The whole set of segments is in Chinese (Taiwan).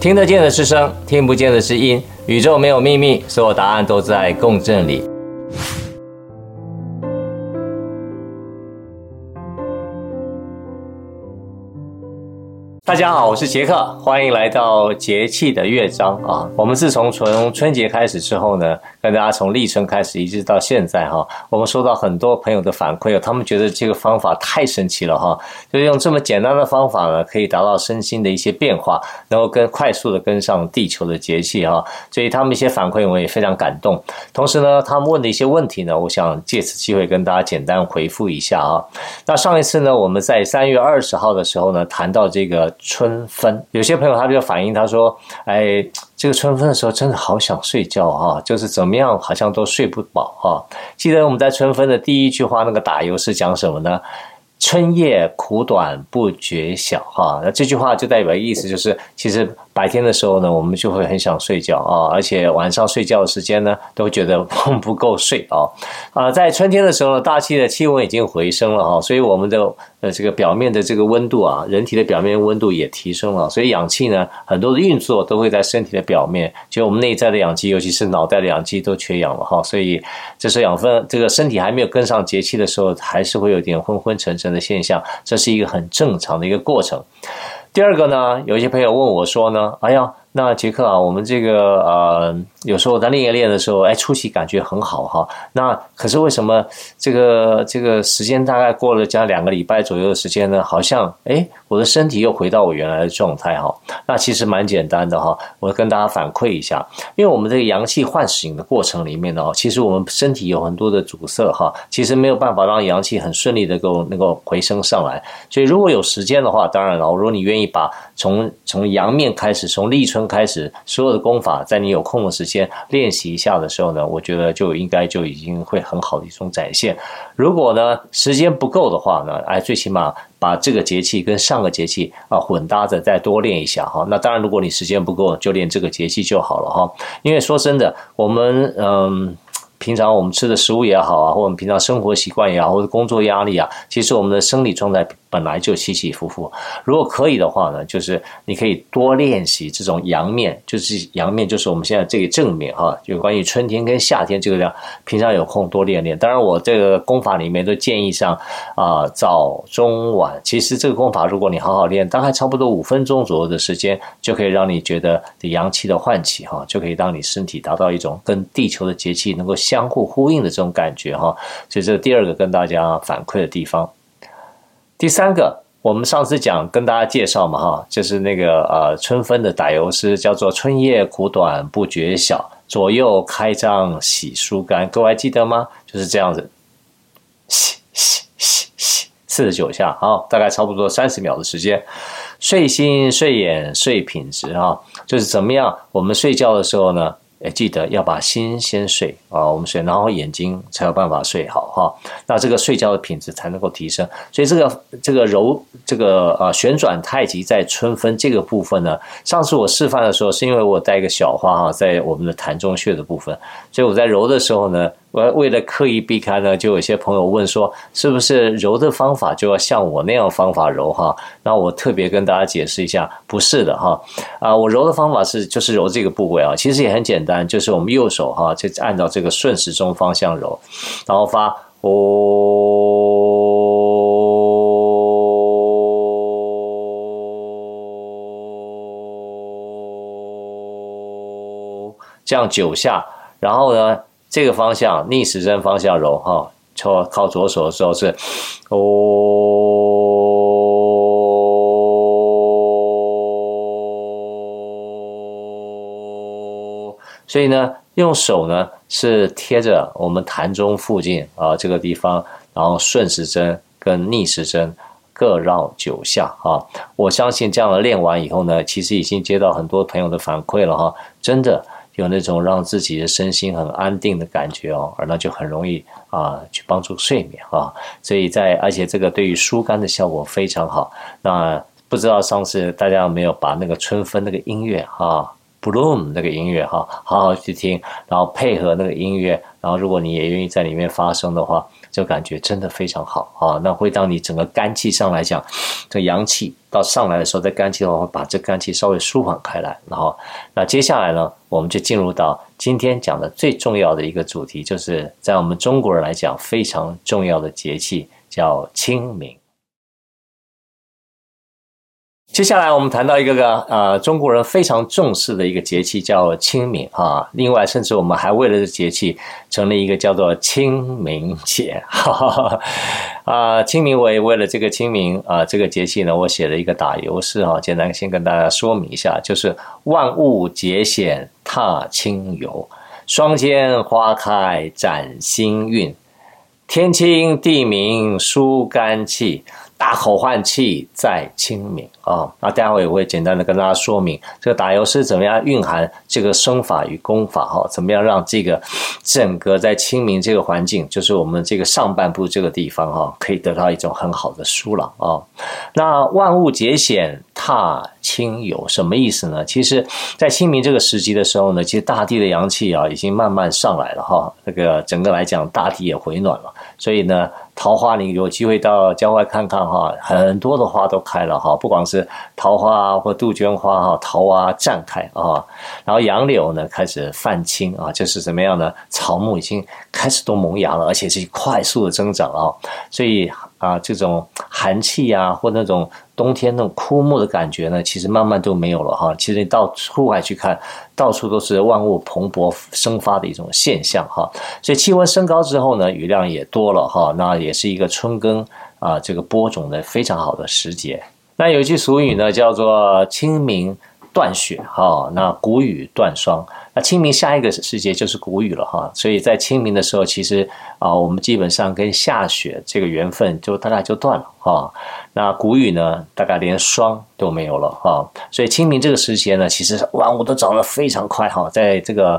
聽得見的是聲，聽不見的是音。宇宙沒有秘密，所有答案都在共振裡。振裡，大家好，我是傑克，歡迎來到節氣的樂章啊！我們自從從春節開始之後呢，跟大家從立春開始，一直到現在哈，我們收到很多朋友的反饋，他們覺得這個方法太神奇了哈，就用這麼簡單的方法呢，可以達到身心的一些變化，能夠跟快速的跟上地球的節氣哈。所以他們一些反饋，我們也非常感動。同時呢，他們問的一些問題呢，我想借此機會跟大家簡單回復一下啊。那上一次呢，我們在三月二十號的時候呢，談到這個春分，有些朋友他就反映他說，哎。這個春分的時候，真的好想睡覺啊！就是怎麼樣，好像都睡不飽啊。記得我們在春分的第一句話，那個打油詩是講什麼呢？春夜苦短不覺曉，哈，那這句話就代表意思就是，其實白天的時候呢，我們就會很想睡覺啊，而且晚上睡覺的時間呢，都覺得困不夠睡啊，啊，在春天的時候呢，大氣的氣溫已經回升了啊，所以我們的呃這個表面的這個溫度啊，人體的表面溫度也提升了，所以氧氣呢很多的運作都會在身體的表面，就我們內在的氧氣，尤其是腦袋的氧氣都缺氧了哈，所以這時候養分，這個身體還沒有跟上節氣的時候，還是會有點昏昏沉沉的現象，這是一個很正常的一個過程。第二個呢，有一些朋友問我說呢，哎呀，那杰克啊，我們這個呃。有時候我在練一練的時候，哎，初期感覺很好哈。那可是為什麼這個這個時間大概過了這樣兩個禮拜左右的時間呢？好像哎，我的身體又回到我原來的狀態哈。那其實蠻簡單的哈。我跟大家反饋一下，因為我們這個陽氣喚醒的過程裡面呢，其實我們身體有很多的阻塞哈，其實沒有辦法讓陽氣很順利的夠能夠回升上來。所以如果有時間的話，當然了，然後如果你願意把從從陽面開始，從立春開始所有的功法，在你有空的時間。練習一下的時候呢，我覺得就應該就已經會很好的一種展現。如果呢時間不夠的話呢，哎，最起碼把這個節氣跟上個節氣啊混搭着再多練一下哈。那當然，如果你時間不夠，就練這個節氣就好了哈。因為說真的，我們嗯，平常我們吃的食物也好啊，或我們平常生活習慣也好，或者工作壓力啊，其實我們的生理狀態。本來就起起伏伏，如果可以的話呢，就是你可以多練習這種陽面，就是陽面，就是我們現在這個正面哈，就關於春天跟夏天這個量，平常有空多練練。當然，我這個功法裡面都建議上啊、呃，早中晚。其實這個功法，如果你好好練，大概差不多五分鐘左右的時間，就可以讓你覺得陽氣的喚起哈，就可以讓你身體達到一種跟地球的節氣能夠相互呼應的這種感覺哈。所以，這第二個跟大家反饋的地方。第三個，我們上次講跟大家介紹嘛，哈，就是那個呃，春分的打油詩叫做“春夜苦短不覺曉，左右開張喜疏肝”，各位還記得嗎？就是這樣子，洗洗洗四十九下，好、哦，大概差不多三十秒的時間，睡心、睡眼、睡品質啊、哦，就是怎麼樣？我們睡覺的時候呢？哎，記得要把心先睡啊、哦，我們睡，然後眼睛才有辦法睡好哈。那這個睡覺的品質才能夠提升。所以這個這個揉這個啊旋轉太極在春分這個部分呢，上次我示範的時候，是因為我帶一個小花哈，在我們的膻中穴的部分，所以我在揉的時候呢，我為了刻意避開呢，就有些朋友問說，是不是揉的方法就要像我那樣的方法揉哈？那我特別跟大家解釋一下，不是的哈。啊，我揉的方法是就是揉這個部位啊，其實也很簡單，就是我們右手哈，就按照這個順時鐘方向揉，然後發哦，這樣九下，然後呢，這個方向，逆時針方向揉哈，靠靠左手的時候是，哦，所以呢，用手呢是貼着我們膻中附近啊這個地方，然後順時針跟逆時針各繞九下啊。我相信這樣的練完以後呢，其實已經接到很多朋友的反饋了哈、啊，真的。有那種讓自己的身心很安定的感覺哦，而那就很容易啊去幫助睡眠啊。所以在而且這個對於疏肝的效果非常好。那不知道上次大家有沒有把那個春分那個音樂啊，Bloom、um、那個音樂哈、啊，好好去聽，然後配合那個音樂，然後如果你也願意在裡面發聲的話。就感覺真的非常好啊！那會當你整個肝氣上來講，這陽氣到上來的時候，在肝氣的話，會把這肝氣稍微舒緩開來。然後，那接下來呢，我們就進入到今天講的最重要的一個主題，就是在我們中國人來講非常重要的節氣，叫清明。接下來我們談到一個個呃，中國人非常重視的一個節氣叫清明啊。另外，甚至我們還為了這個節氣成立一個叫做清明節。哈哈啊，清明我也為了這個清明啊這個節氣呢，我寫了一個打油詩啊，簡單先跟大家說明一下，就是萬物潔顯踏青遊，雙肩花開展新運，天清地明舒肝氣。大口換氣，在清明啊、哦，那待會也會簡單的跟大家說明這個打油詩怎麼樣蘊含這個身法與功法哈、哦，怎麼樣讓這個整個在清明這個環境，就是我們這個上半部這個地方哈、哦，可以得到一種很好的舒朗啊、哦。那萬物潔顯踏青遊，什麼意思呢？其實，在清明這個時機的時候呢，其實大地的陽氣啊，已經慢慢上來了哈、哦，這個整個來講，大地也回暖了，所以呢。桃花，你有機會到郊外看看哈，很多的花都開了哈，不管是桃花或杜鵑花哈，桃花綻開啊，然後楊柳呢開始泛青啊，就是什麼樣的草木已經開始都萌芽了，而且是快速的增長啊，所以。啊，這種寒氣呀、啊，或那種冬天那種枯木的感覺呢，其實慢慢都沒有了哈。其實你到戶外去看，到處都是萬物蓬勃生發的一種現象哈。所以氣溫升高之後呢，雨量也多了哈，那也是一個春耕啊，這個播種的非常好的時節。那有一句俗語呢，叫做清明斷雪哈，那穀雨斷霜。清明下一個時節就是穀雨了哈，所以在清明的時候，其實啊、呃，我們基本上跟下雪這個緣分就大概就斷了哈。那穀雨呢，大概連霜都沒有了哈。所以清明這個時節呢，其實萬物都長得非常快哈。在這個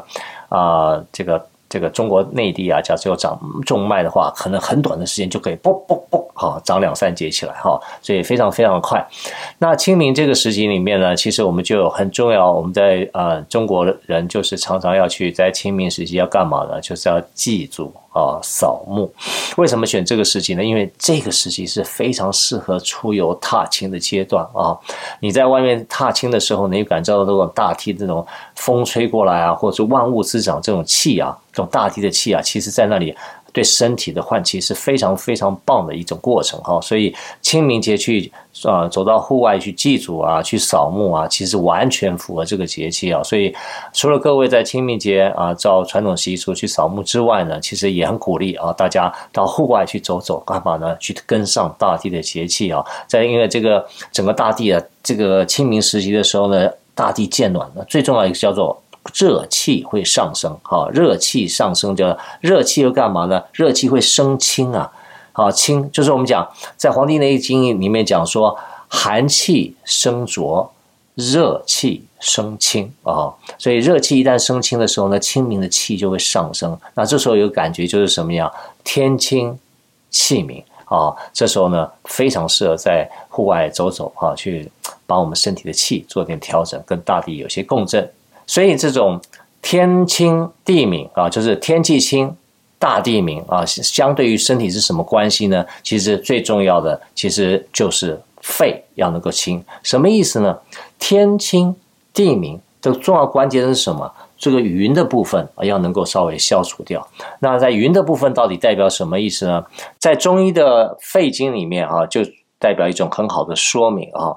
啊、呃，這個。這個中國內地啊，假設有長種麥的話，可能很短的時間就可以不不不，嘣嘣嘣，啊，長兩三節起來哈，所以非常非常的快。那清明這個時期裡面呢，其實我們就有很重要，我們在啊、呃，中國人就是常常要去在清明時期要幹嘛呢？就是要祭祖。啊，掃墓，為什麼選這個時期呢？因為這個時期是非常適合出遊踏青的階段啊！你在外面踏青的時候，你感受到那種大地那種風吹過來啊，或者是萬物滋長這種氣啊，這種大地的氣啊，其實在那裡。對身體的換氣是非常非常棒的一種過程哈，所以清明節去啊、呃，走到戶外去祭祖啊，去掃墓啊，其實完全符合這個節氣啊。所以除了各位在清明節啊，照傳統習俗去掃墓之外呢，其實也很鼓勵啊，大家到戶外去走走，幹嘛呢？去跟上大地的節氣啊。在因為這個整個大地啊，這個清明時期的時候呢，大地漸暖了，那最重要一個叫做。熱氣會上升，好，熱氣上升就，熱氣，又幹嘛呢？熱氣會生清啊，啊，清就是我們講在《黃帝內經》裡面講說，寒氣生濁，熱氣生清啊。所以熱氣一旦生清的時候呢，清明的氣就會上升。那這時候有感覺就是什麼樣？天清氣明啊。這時候呢，非常適合在戶外走走啊，去把我們身體的氣做點調整，跟大地有些共振。所以這種天清地明啊，就是天氣清，大地明啊，相對於身體是什麼關係呢？其實最重要的其實就是肺要能夠清，什麼意思呢？天清地明的重要關鍵是什麼？這個雲的部分要能夠稍微消除掉。那在雲的部分到底代表什麼意思呢？在中醫的肺經裡面啊，就代表一種很好的說明啊。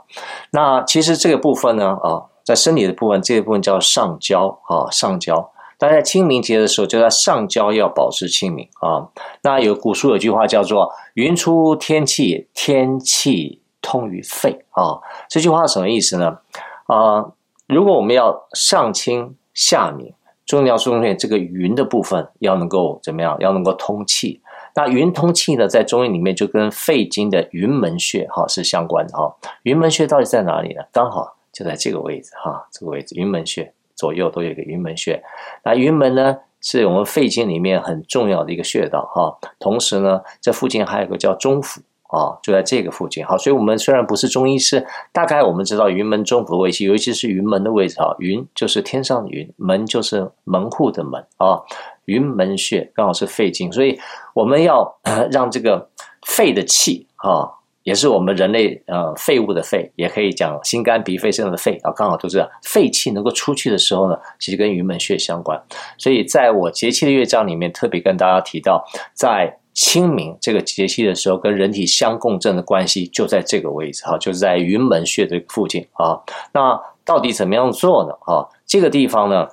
那其實這個部分呢啊。在生理的部分，這一、個、部分叫上焦啊，上焦。大家在清明節的時候，就在上焦要保持清明啊。那有古書有句話叫做“雲出天氣，天氣通於肺”啊。這句話什麼意思呢？啊，如果我們要上清下明，中醫要注重一點，這個雲的部分要能夠怎麼樣？要能夠通氣。那雲通氣呢，在中醫裡面就跟肺經的雲門穴哈、啊、是相關的哈、啊。雲門穴到底在哪裡呢？剛好。就在這個位置哈，這個位置雲門穴，左右都有一個雲門穴。那雲門呢，是我們肺經裡面很重要的一個穴道哈。同時呢，這附近還有一個叫中府啊，就在這個附近。好，所以我們雖然不是中醫師，大概我們知道雲門、中府的位置，尤其是雲門的位置啊。雲就是天上的雲，門就是門戶的門啊。雲門穴剛好是肺經，所以我們要呵呵讓這個肺的氣哈。啊也是我們人類呃，廢物的廢，也可以講心肝脾肺腎的肺啊，剛好都這樣，肺氣能夠出去的時候呢，其實跟雲門穴相關。所以在我節氣的樂章裡面，特別跟大家提到，在清明這個節氣的時候，跟人體相共振的關係就在這個位置啊，就是在雲門穴的附近啊。那到底怎麼樣做呢？啊，這個地方呢，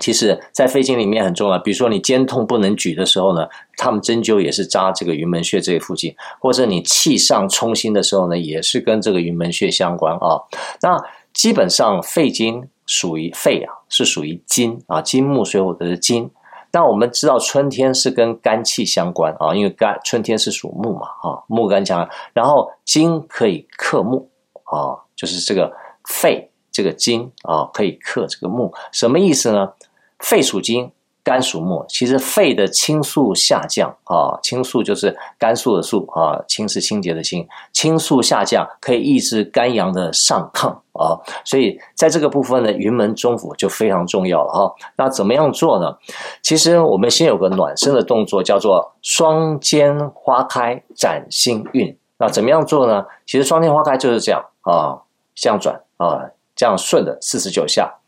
其實在肺經裡面很重要，比如說你肩痛不能舉的時候呢，他們針灸也是扎這個雲門穴這個附近，或者你氣上衝心的時候呢，也是跟這個雲門穴相關啊、哦。那基本上肺經屬於肺啊，是屬於金啊，金木水火的金。那我們知道春天是跟肝氣相關啊，因為肝春天是屬木嘛，啊，木肝強，然後金可以克木啊，就是這個肺。這個金啊，可以克這個木，什麼意思呢？肺屬金，肝屬木。其實肺的清肅下降啊，清肅就是肝素的素啊，清是清潔的清，清肅下降可以抑制肝陽的上亢啊，所以在這個部分呢，雲門中府就非常重要了啊。那怎麼樣做呢？其實我們先有個暖身的動作，叫做雙肩花開展新運。那怎麼樣做呢？其實雙肩花開就是這樣啊，這樣轉啊。這樣順著四十九下，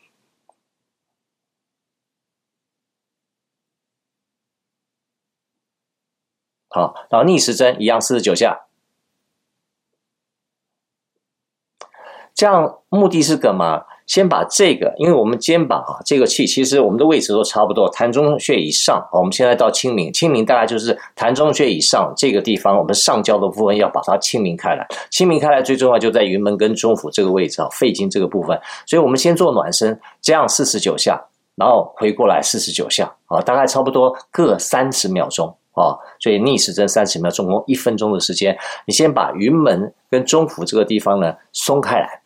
好，然後逆時針一樣四十九下，這樣目的是幹嘛？先把這個，因為我們肩膀啊，這個氣其實我們的位置都差不多，膻中穴以上，我們現在到清明，清明大概就是膻中穴以上這個地方，我們上焦的部分要把它清明開來。清明開來最重要就在雲門跟中府這個位置啊，肺經這個部分。所以我們先做暖身，這樣四十九下，然後回過來四十九下，啊，大概差不多各三十秒鐘啊，所以逆時針三十秒，總共一分鐘的時間，你先把雲門跟中府這個地方呢鬆開來。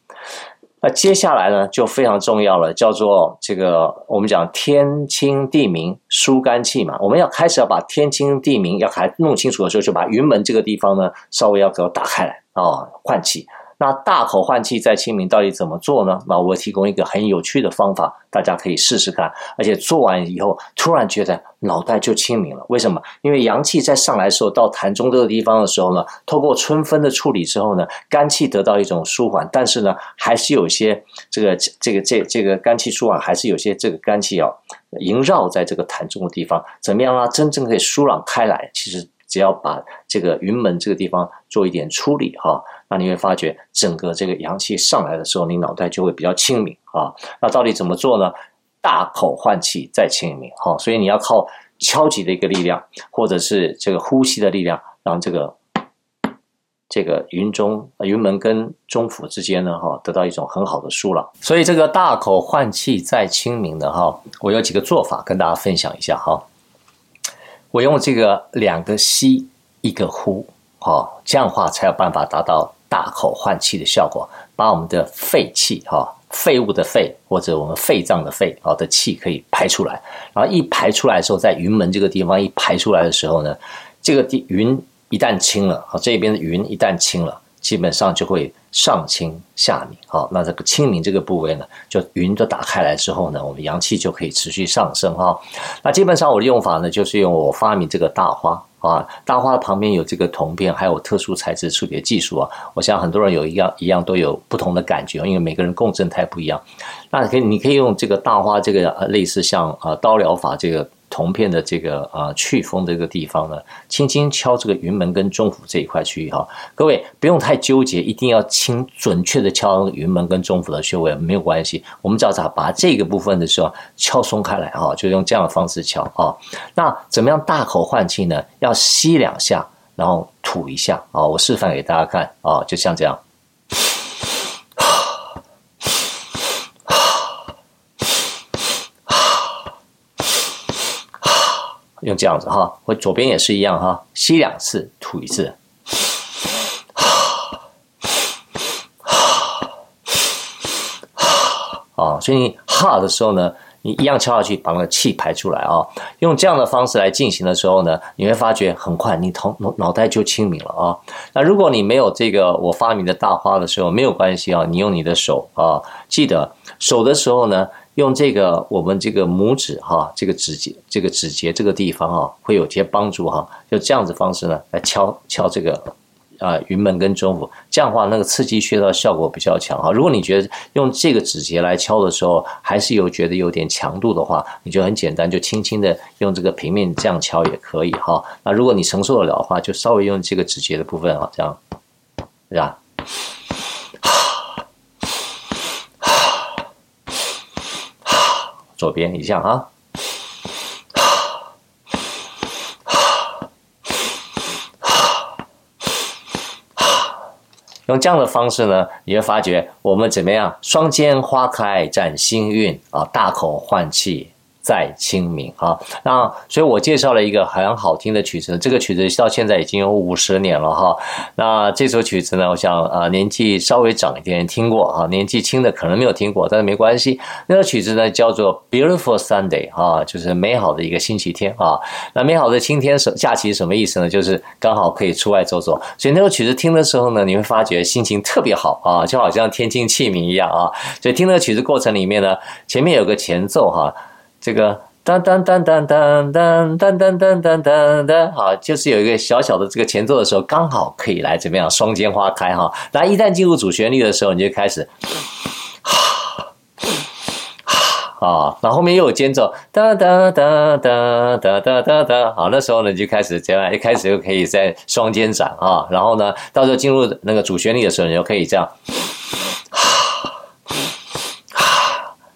那接下來呢，就非常重要了，叫做這個我們講天清地明舒肝氣嘛，我們要開始要把天清地明要還弄清楚的時候，就把雲門這個地方呢，稍微要給我打開來啊、哦，換氣。那大口換氣在清明到底怎麼做呢？那我提供一個很有趣的方法，大家可以試試看。而且做完以後，突然覺得腦袋就清明了。為什麼？因為陽氣在上來的時候，到膻中這個地方的時候呢，透過春分的處理之後呢，肝氣得到一種舒緩。但是呢，還是有些這個這個這這個肝氣、這個、舒緩，還是有些這個肝氣要縈繞在這個膻中的地方。怎麼樣讓它真正可以舒朗開來？其實。只要把這個雲門這個地方做一點處理哈，那你會發覺整個這個陽氣上來的時候，你腦袋就會比較清明啊。那到底怎麼做呢？大口換氣在清明哈。所以你要靠敲擊的一個力量，或者是這個呼吸的力量，讓這個這個雲中雲門跟中府之間呢哈，得到一種很好的疏朗。所以這個大口換氣在清明的哈，我有幾個做法跟大家分享一下哈。我用這個兩個吸，一個呼，好，這樣的話才有辦法達到大口換氣的效果，把我們的廢氣，哈，廢物的廢或者我們肺臟的肺，啊的氣可以排出來，然後一排出來的時候，在雲門這個地方一排出來的時候呢，這個地雲一旦清了，啊，這邊的雲一旦清了。基本上就會上清下明，好，那這個清明這個部位呢，就雲都打開來之後呢，我們陽氣就可以持續上升哈。那基本上我的用法呢，就是用我發明這個大花啊，大花旁邊有這個銅片，還有特殊材質處理技術啊。我想很多人有一樣一樣都有不同的感覺，因為每個人共振態不一樣。那可以你可以用這個大花，這個呃類似像呃刀療法這個。銅片的這個啊，呃、祛風的這個地方呢，輕輕敲這個雲門跟中府這一塊區域哈、哦。各位不用太糾結，一定要輕準確的敲雲門跟中府的穴位沒有關係。我們只要把這個部分的時候敲鬆開來哈、哦，就用這樣的方式敲啊、哦。那怎麼樣大口換氣呢？要吸兩下，然後吐一下啊、哦。我示範給大家看啊、哦，就像這樣。用這樣子哈，我左邊也是一樣哈，吸兩次，吐一次，啊，哈哈啊，所以你哈的時候呢，你一樣敲下去，把那個氣排出來啊、哦。用這樣的方式來進行的時候呢，你會發覺很快你，你頭腦袋就清明了啊。那如果你沒有這個我發明的大花的時候，沒有關係啊，你用你的手啊、哦，記得手的時候呢。用這個我們這個拇指哈，這個指節這個指節這個地方啊，會有些幫助哈。就這樣子方式呢，來敲敲這個啊雲門跟中府，這樣的話那個刺激穴道效果比較強哈。如果你覺得用這個指節來敲的時候，還是有覺得有點強度的話，你就很簡單，就輕輕的用這個平面這樣敲也可以哈。那如果你承受得了的話，就稍微用這個指節的部分啊這樣，是吧？左邊一下啊，用這樣的方式呢，你會發覺我們怎麼樣？雙肩花開展新運，啊，大口換氣。在清明啊，那所以我介紹了一個很好聽的曲子，這個曲子到現在已經有五十年了哈。那這首曲子呢，我想啊，年紀稍微長一點聽過啊，年紀輕的可能沒有聽過，但是沒關係。那個曲子呢叫做《Beautiful Sunday》啊，就是美好的一個星期天啊。那美好的星期天是假期，什麼意思呢？就是剛好可以出外走走。所以那首曲子聽的時候呢，你會發覺心情特別好啊，就好像天清氣明一樣啊。所以聽那個曲子過程裡面呢，前面有個前奏哈、啊。這個噔噔噔噔噔噔噔噔噔噔噔，好，就是有一個小小的這個前奏的時候，剛好可以來怎麼樣？雙肩花開哈，來，一旦進入主旋律的時候，你就開始，啊啊，然後後面又有間奏，噔噔噔噔噔噔噔噔，好，那時候呢就開始這樣，一開始就可以在雙肩展啊，然後呢，到時候進入那個主旋律的時候，你，你就可以這樣。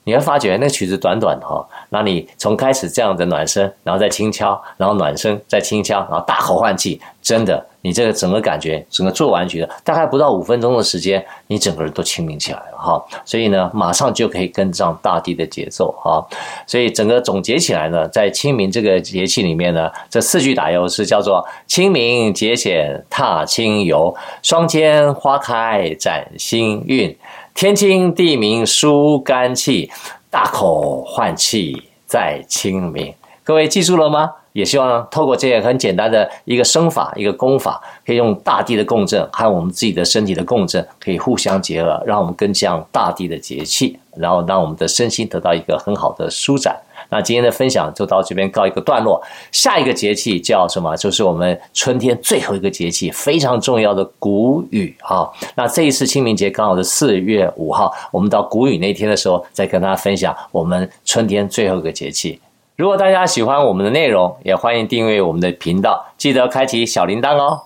你會發覺那個曲子，短短的哈、哦，那你從開始這樣的暖身，然後再輕敲，然後暖身，再輕敲，然後大口換氣，真的，你這個整個感覺，整個做完曲，大概不到五分鐘的時間，你整個人都清明起來了哈、哦。所以呢，馬上就可以跟上大地的節奏哈、哦，所以整個總結起來呢，在清明這個節氣裡面呢，這四句打油詩叫做清明潔顯踏青遊，雙肩花開展新運。天清地明，舒肝氣，大口換氣，在清明。各位記住了嗎？也希望透過這些很簡單的一個生法、一個功法，可以用大地的共振，還有我們自己的身體的共振，可以互相結合，讓我們更像大地的節氣，然後讓我們的身心得到一個很好的舒展。那今天的分享就到這邊告一個段落。下一個節氣叫什麼？就是我們春天最後一個節氣，非常重要的谷雨哈，那這一次清明節剛好是四月五號，我們到谷雨那天的時候，再跟大家分享我們春天最後一個節氣。如果大家喜歡我們的內容，也歡迎訂閱我們的頻道，記得開啟小鈴鐺哦。